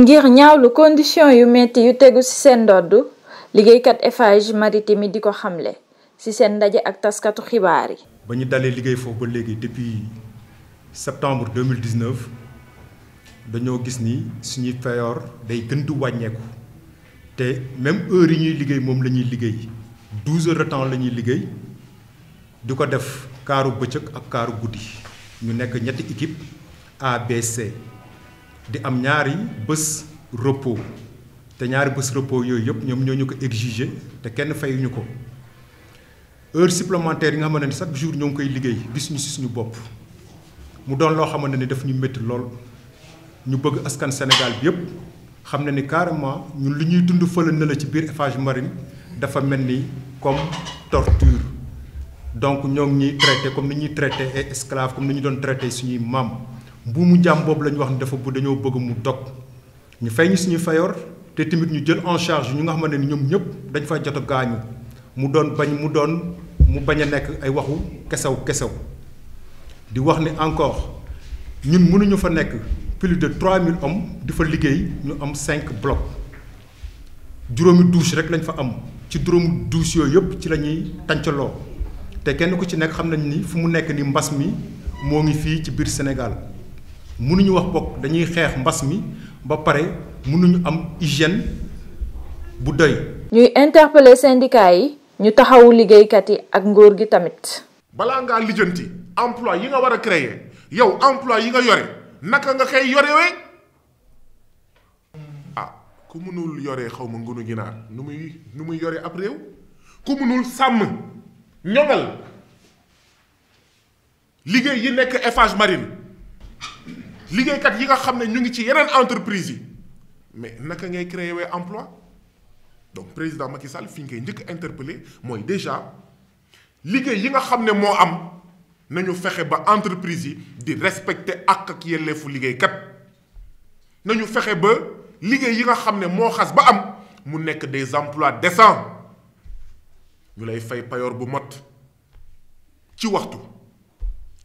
ngir ñaawlu condition yu metti yu tegu ci seen ndodd liggéeykat Eiffage Maritime yi di ko xamle ci seen ndaje ak taskatu xibaar yi. ba ñu dalee liggéey foofu ba léegi depuis septembre 2019 dañoo gis ni suñuy feyoor day gën di wàññeeku te même heure yi ñuy liggéey moom la ñuy liggéey 12 heures de temps la ñuy liggéey di ko def kaaru bëccëg ak kaaru guddi ñu nekk ñetti équipe A B di am ñaari bés repos te ñaari bés repos yooyu yëpp ñoom ñoo ñu ko exiger kenn ko heure supplémentaire nga xamante ne chaque jour ñoo ngi koy liggéey gis ñu si suñu bopp mu doon loo askan Sénégal bi yëpp xam na ni carrément ñun lu ñuy dund fële na la ci biir Marine dafa mel comme torture donc ñoo ngi comme nous traité comme ñu bu mu jam bobu lañ wax dafa bu dañoo bëgg mu dog ñu fay ñu suñu fayor te timit ñu jël en charge ñu nga xamante ñom ñëpp dañ fa jot gañu mu doon bañ mu doon mu baña nek ay waxu kessaw kessaw di wax ni encore ñun ñu fa nek plus de 3000 hommes di fa liggéey ñu am 5 blocs juroomi douche rek lañ fa am ci juroomi douche yo yëpp ci lañuy ñuy tàncaloo te kenn ku ci nek xam nañ ni fu mu nek ni mbass mi mo ngi fi ci bir Sénégal mënuñu wax bokk dañuy xeex mbas mi ba pare mënuñu am hygiène bu doy. ñuy interpeller syndicat yi ñu taxawu liggéeykat yi ak nguur gi tamit. balaa ngaa lijjanti emploi yi nga war a créer yow emploi yi nga yore naka nga koy yorewee ah ku mënul yore xaw ma ngunu ginaar nu muy nu muy yore ab réew ku mënul sàmm ñoŋal liggéey yi nekk Eiffage Marine. kat yi nga sais ñu entreprise mais naka ngay créer wé emploi donc président Macky Sall interpellé déjà yi nga mo am nañu ba entreprise yi respecter ak qui est kat nañu fexé ba yi nga des emplois décents ñu lay fay payor bu mot ci waxtu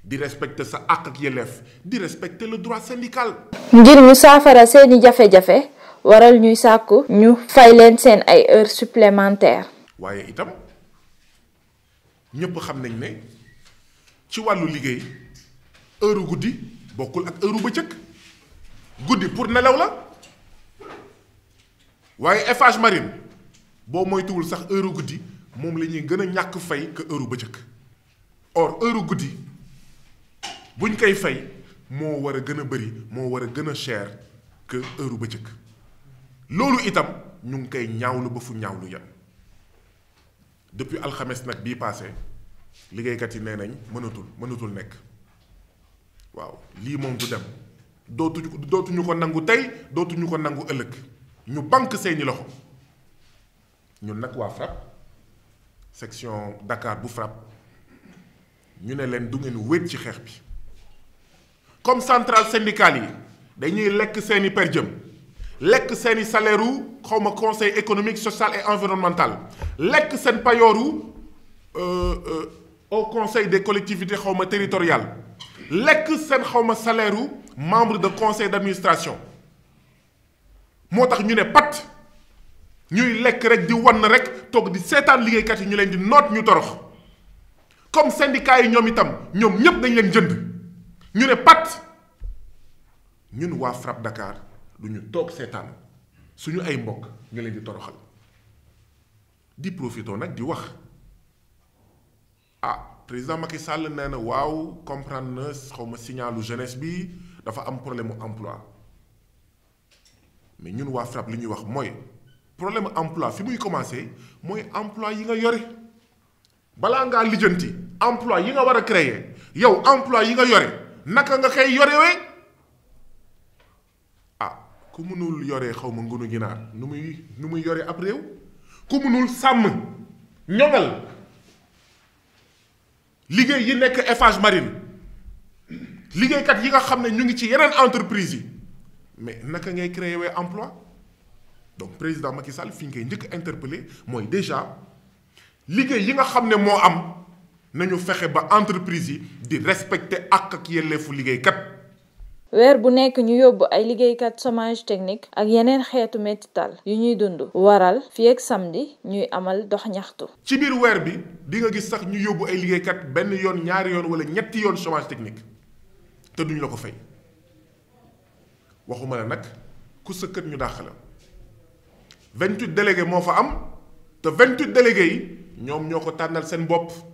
di respecter sa àq ak yelleef di respecter le droit syndical. ngir mu saafara seeni jafe-jafe waral ñuy sàkku ñu fay leen seen ay heures supplémentaires. waaye itam ñëpp xam nañ ne ci wàllu liggéey heure guddi bokkul ak heure bëccëg guddi pour nelaw la waaye Eiffage Marine boo moytuwul sax heure guddi moom la ñuy gën a ñàkk fay que heure bëccëg or heure guddi. buñ koy fay moo war a gën a bëri moo war a gën a cher que heure ba njëkk loolu itam ñu ngi koy ñaawlu ba fu ñaawlu yam depuis alxames nag bii passé liggéeykat yi nee nañ mënatul mënatul nekk waaw lii moom du dem dootuñu dootuñu ko nangu tey dootuñu ko nangu ëllëg ñu bank seeni loxo ñun nag waa frappe section Dakar bu frappe ñu ne leen du ngeen wéet ci xeex bi comme centrale syndicale dañuy lek seeni per lek lekk seeni salaire comme conseil économique social et environnemental payoru euh, euh, au conseil des collectivités xawma territoriales lek sen xawma salaire membre de conseil d'administration motax ñu ne pat ñuy lek rek di won rek tok di seetaan liggéeykat yi ñu leen di note ñu torox comme syndicat yi ñoom itam ñom ñep dañ leen jënd ñu ne pat ñun waa frappe Dakar duñu ñu toog seetaan suñu ay mbokk ñu leen di toroxal di profitoo nag di wax ah président Macky Sall nee na waaw comprendre na xaw ma signalu jeunesse bi dafa am problème emploi mais ñun waa frappe li ñuy wax mooy problème emploi fi muy commencé mooy emploi yi nga yore balaa ngaa lijjanti emploi yi nga war a créer yow emploi yi nga yore naka nga kay yoré wé ah ku mënul yoré xawma ngunu ginaar nu muy nu muy yore ab réew ku mënul sàmm ñoŋal liggéey yi nekk Eiffage Marine kat yi nga xamné ñu ngi ci yeneen entreprise yi mais naka ngay créer wé emploi donc président Macky Sall fi ñu koy njëkk interpellé déjà liggéey yi nga xamné ne moo am nañu fexe ba entreprise yi di respecter ak ak yelleefu liggéeykat. weer bu nekk ñu yóbbu ay liggéeykat chômage technique ak yeneen xeetu mettital yu ñuy dund waral fii ak samedi ñuy amal dox ñaxtu. ci biir weer bi di nga gis sax ñu yóbbu ay liggéeykat benn yoon ñaari yoon wala ñetti yoon chômage technique te duñ la ko fay waxuma la nag ku sa kër ñu dàq la 28 délégué moo fa am te 28 délégué yi ñoom ñoo ko tànnal seen bopp.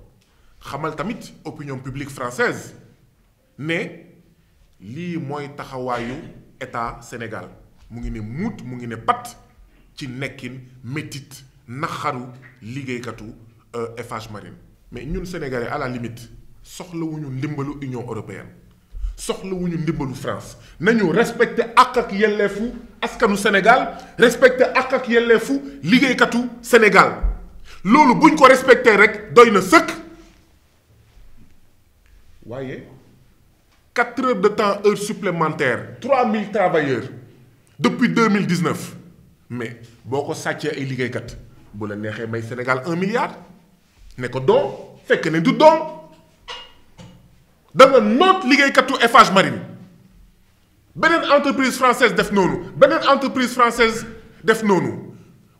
xamal tamit opinion publique française mais li moy taxawaayu état Sénégal mu ngi ne muut mu ngi ne pat ci nekkin métit naxaru liggéeykatu euh, Eiffage Marine mais ñun sénégalais à la limite soxlawuñu ndimbalu Union européenne soxlawuñu ndimbalu France nañu respecté ak ak yellefu askanu Sénégal respecté ak ak liguey liggéeykatu Sénégal loolu buñ ko respecté rek doy na sëkk. Voyez. 4 heures de temps, heures supplémentaires, 3000 travailleurs depuis 2019. Mais, si vous avez un milliard, vous pouvez faire un Sénégal 1 milliard. Mais quoi donc Fait que vous avez un don. Dans un autre milliard de FH Marine, vous avez une entreprise française qui fait non. Vous avez une entreprise française qui fait